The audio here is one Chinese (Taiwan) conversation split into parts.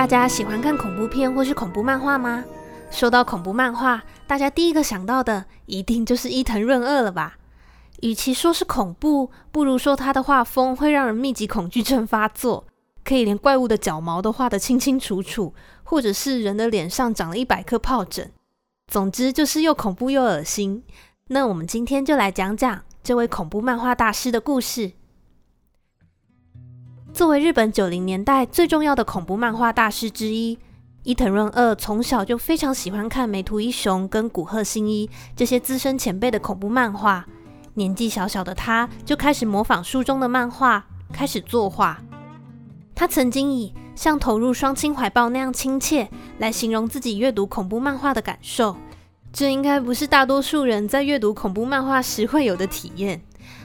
大家喜歡看恐怖片或是恐怖漫畫嗎？說到恐怖漫畫，大家第一個想到的一定就是伊藤潤二了吧？與其說是恐怖，不如說他的畫風會讓人密集恐懼症發作，可以連怪物的腳毛都畫得清清楚楚，或者是人的臉上長了一百顆皰疹。總之就是又恐怖又惡心。那我們今天就來講講這位恐怖漫畫大師的故事。作為日本九零年代最重要的恐怖漫畫大師之一，伊藤潤二從小就非常喜歡看楳圖一雄跟古賀新一這些資深前輩的恐怖漫畫。年紀小小的他就開始模仿書中的漫畫，開始作畫。他曾經以像投入雙親懷抱那樣親切來形容自己閱讀恐怖漫畫的感受，這應該不是大多數人在閱讀恐怖漫畫時會有的體驗。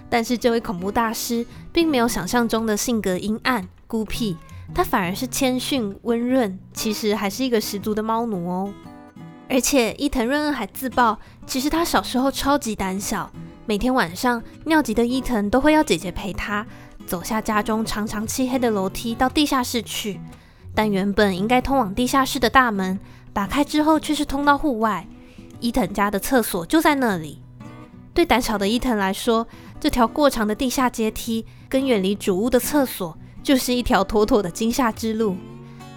但是這位恐怖大師並沒有想象中的性格陰暗孤僻，他反而是謙遜溫潤，其實還是一個十足的貓奴哦。而且伊藤潤二還自曝，其實他小時候超級膽小，每天晚上尿急的伊藤都會要姐姐陪他走下家中長長漆黑的樓梯到地下室去，但原本應該通往地下室的大門打開之後卻是通到戶外，伊藤家的廁所就在那裡。對膽小的伊藤來說，這條過長的地下階梯跟遠離主屋的廁所，就是一條妥妥的驚嚇之路。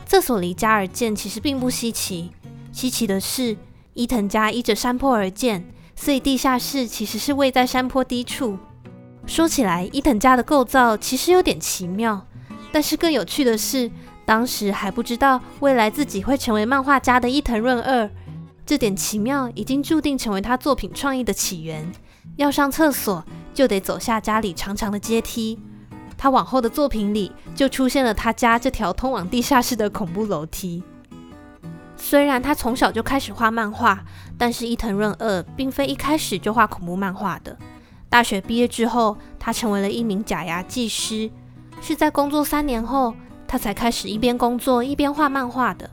廁所離家而建其實並不稀奇，稀奇的是伊藤家依着山坡而建，所以地下室其實是位在山坡低處。說起來，伊藤家的構造其實有點奇妙，但是更有趣的是，當時還不知道未來自己會成為漫畫家的伊藤潤二，這點奇妙已經注定成為他作品創意的起源。要上廁所。就得走下家裡長長的階梯。他往後的作品裡，就出現了他家這條通往地下室的恐怖樓梯。雖然他從小就開始畫漫畫，但是伊藤潤二並非一開始就畫恐怖漫畫的。大學畢業之後，他成為了一名假牙技師。是在工作三年後，他才開始一邊工作一邊畫漫畫的。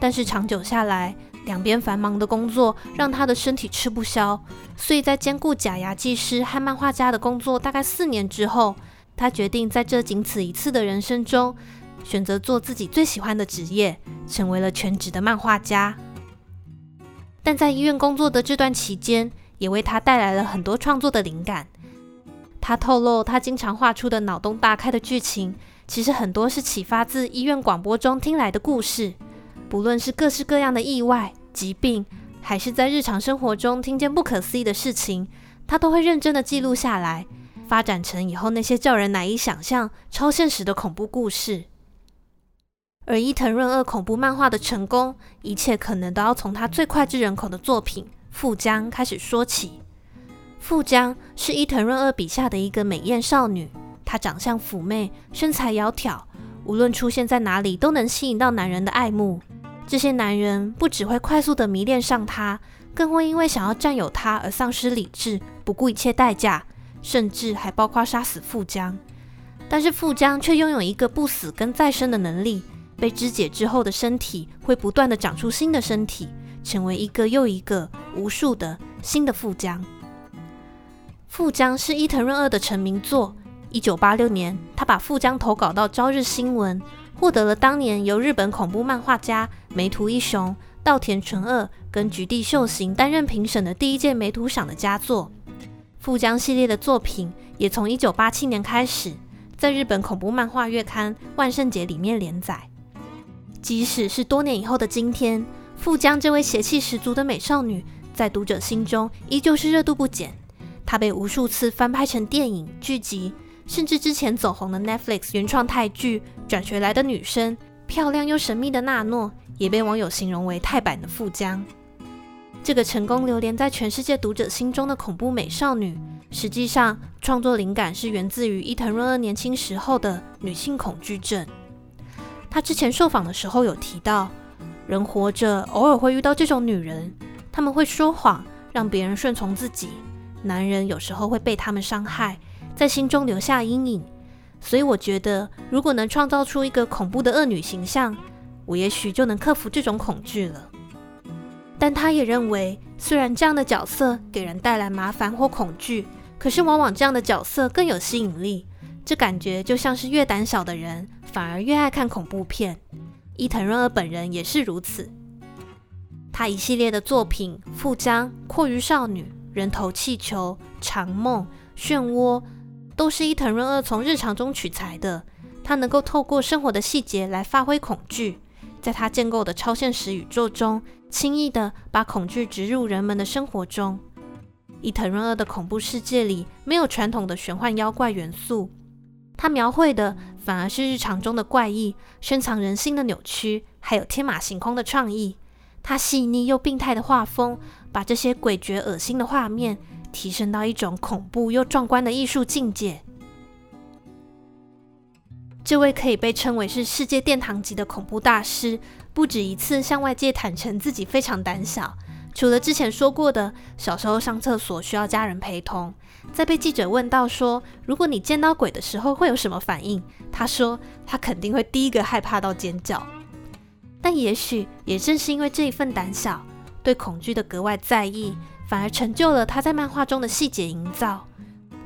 但是長久下來，兩邊繁忙的工作讓他的身體吃不消，所以在兼顧假牙技師和漫畫家的工作大概四年之後，他決定在這僅此一次的人生中，選擇做自己最喜歡的職業，成為了全職的漫畫家。但在醫院工作的這段期間，也為他帶來了很多創作的靈感。他透露，他經常畫出的腦洞大開的劇情，其實很多是啟發自醫院廣播中聽來的故事。不論是各式各樣的意外、疾病，還是在日常生活中聽見不可思議的事情，他都會認真的記錄下來，發展成以後那些叫人難以想象、超現實的恐怖故事。而伊藤潤二恐怖漫畫的成功，一切可能都要從他最膾炙人口的作品《富江》開始說起。富江是伊藤潤二筆下的一個美艷少女，她長相嫵媚，身材窈窕，無論出現在哪裡都能吸引到男人的愛慕。這些男人不只會快速的迷戀上她，更會因為想要占有她而喪失理智，不顧一切代價，甚至還包括殺死富江。但是富江卻擁有一個不死跟再生的能力，被肢解之後的身體會不斷的長出新的身體，成為一個又一個無數的新的富江。富江是伊藤潤二的成名作。一九八六年，他把富江投稿到《朝日新聞》，獲得了當年由日本恐怖漫畫家梅圖一雄、稻田純二跟菊地秀行擔任評審的第一屆梅圖賞的佳作。富江系列的作品也從一九八七年開始，在日本恐怖漫畫月刊《萬聖節》裡面連載。即使是多年以後的今天，富江這位邪氣十足的美少女，在讀者心中依舊是熱度不減。她被無數次翻拍成電影、劇集。甚至之前走紅的 Netflix 原創泰劇《轉學來的女生》，漂亮又神秘的娜諾也被網友形容為泰版的富江。這個成功流連在全世界讀者心中的恐怖美少女，實際上創作靈感是源自於伊藤潤二年輕時候的女性恐懼症。她之前受訪的時候有提到，人活着偶爾會遇到這種女人，她們會說謊，讓別人順從自己，男人有時候會被她們傷害，在心中留下陰影，所以我覺得，如果能創造出一個恐怖的惡女形象，我也許就能克服這種恐懼了。但他也認為，雖然這樣的角色給人帶來麻煩或恐懼，可是往往這樣的角色更有吸引力。這感覺就像是越膽小的人，反而越愛看恐怖片。伊藤潤二本人也是如此，他一系列的作品《富江》《蛞蝓少女》《人頭氣球》《長夢》《漩渦》。都是伊藤潤二從日常中取材的，他能夠透過生活的細節來發揮恐懼，在他建構的超現實宇宙中，輕易的把恐懼植入人們的生活中。伊藤潤二的恐怖世界裡沒有傳統的玄幻妖怪元素，他描繪的反而是日常中的怪異、深藏人心的扭曲，還有天馬行空的創意。他細膩又病態的畫風，把這些詭譎惡心的畫面。提升到一種恐怖又壯觀的藝術境界。這位可以被稱為是世界殿堂級的恐怖大師，不止一次向外界坦承自己非常膽小。除了之前說過的小時候上廁所需要家人陪同，在被記者問到說，如果你見到鬼的時候會有什麼反應，他說他肯定會第一個害怕到尖叫。但也許也正是因為這一份膽小，對恐懼的格外在意，反而成就了他在漫畫中的細節營造。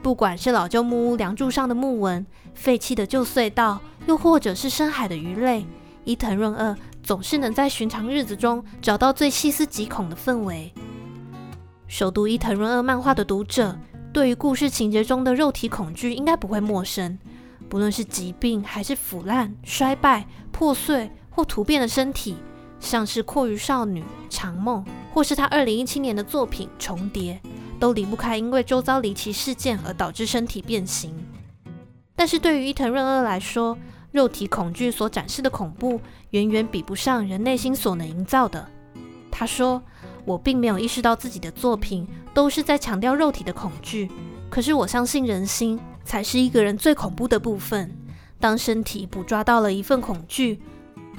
不管是老舊木屋梁柱上的木紋、廢棄的舊隧道，又或者是深海的魚類，伊藤潤二總是能在尋常日子中找到最細思極恐的氛圍。首讀伊藤潤二漫畫的讀者，對於故事情節中的肉體恐懼應該不會陌生。不論是疾病、還是腐爛、衰敗、破碎或突變的身體。像是《蛞蝓少女》、《長夢》，或是他二零一七年的作品《重疊》，都離不開，因為周遭離奇事件而導致身體變形。但是對於伊藤潤二來說，肉體恐懼所展示的恐怖，遠遠比不上人內心所能營造的。他說：“我並沒有意識到自己的作品都是在強調肉體的恐懼，可是我相信人心才是一個人最恐怖的部分。當身體捕抓到了一份恐懼。”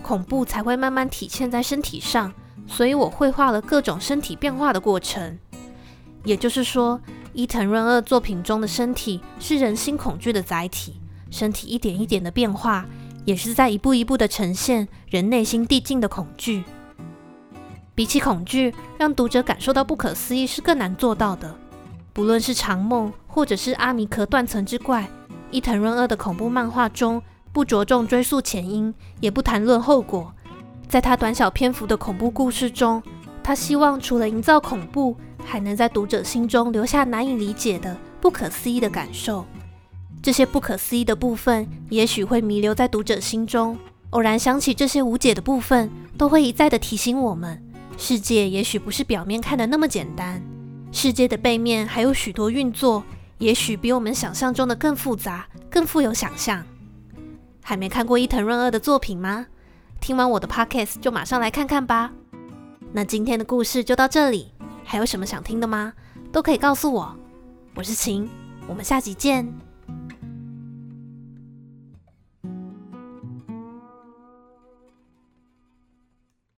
恐怖才會慢慢體現在身體上，所以我繪畫了各種身體變化的過程。也就是說，伊藤潤二作品中的身體是人心恐懼的載體，身體一點一點的變化，也是在一步一步的呈現人內心遞進的恐懼。比起恐懼，讓讀者感受到不可思議是更難做到的。不論是長夢，或者是阿彌殼斷層之怪，伊藤潤二的恐怖漫畫中。不着重追溯前因，也不談論後果。在他短小篇幅的恐怖故事中，他希望除了營造恐怖，還能在讀者心中留下難以理解的、不可思議的感受。這些不可思議的部分，也許會彌留在讀者心中。偶然想起這些無解的部分，都會一再地提醒我們：世界也許不是表面看得那麼簡單。世界的背面還有許多運作，也許比我們想象中的更複雜、更富有想象。還沒看過伊藤潤二的作品嗎？聽完我的 podcast 就馬上來看看吧。那今天的故事就到這裡，還有什麼想聽的嗎？都可以告訴我。我是晴，我們下集見。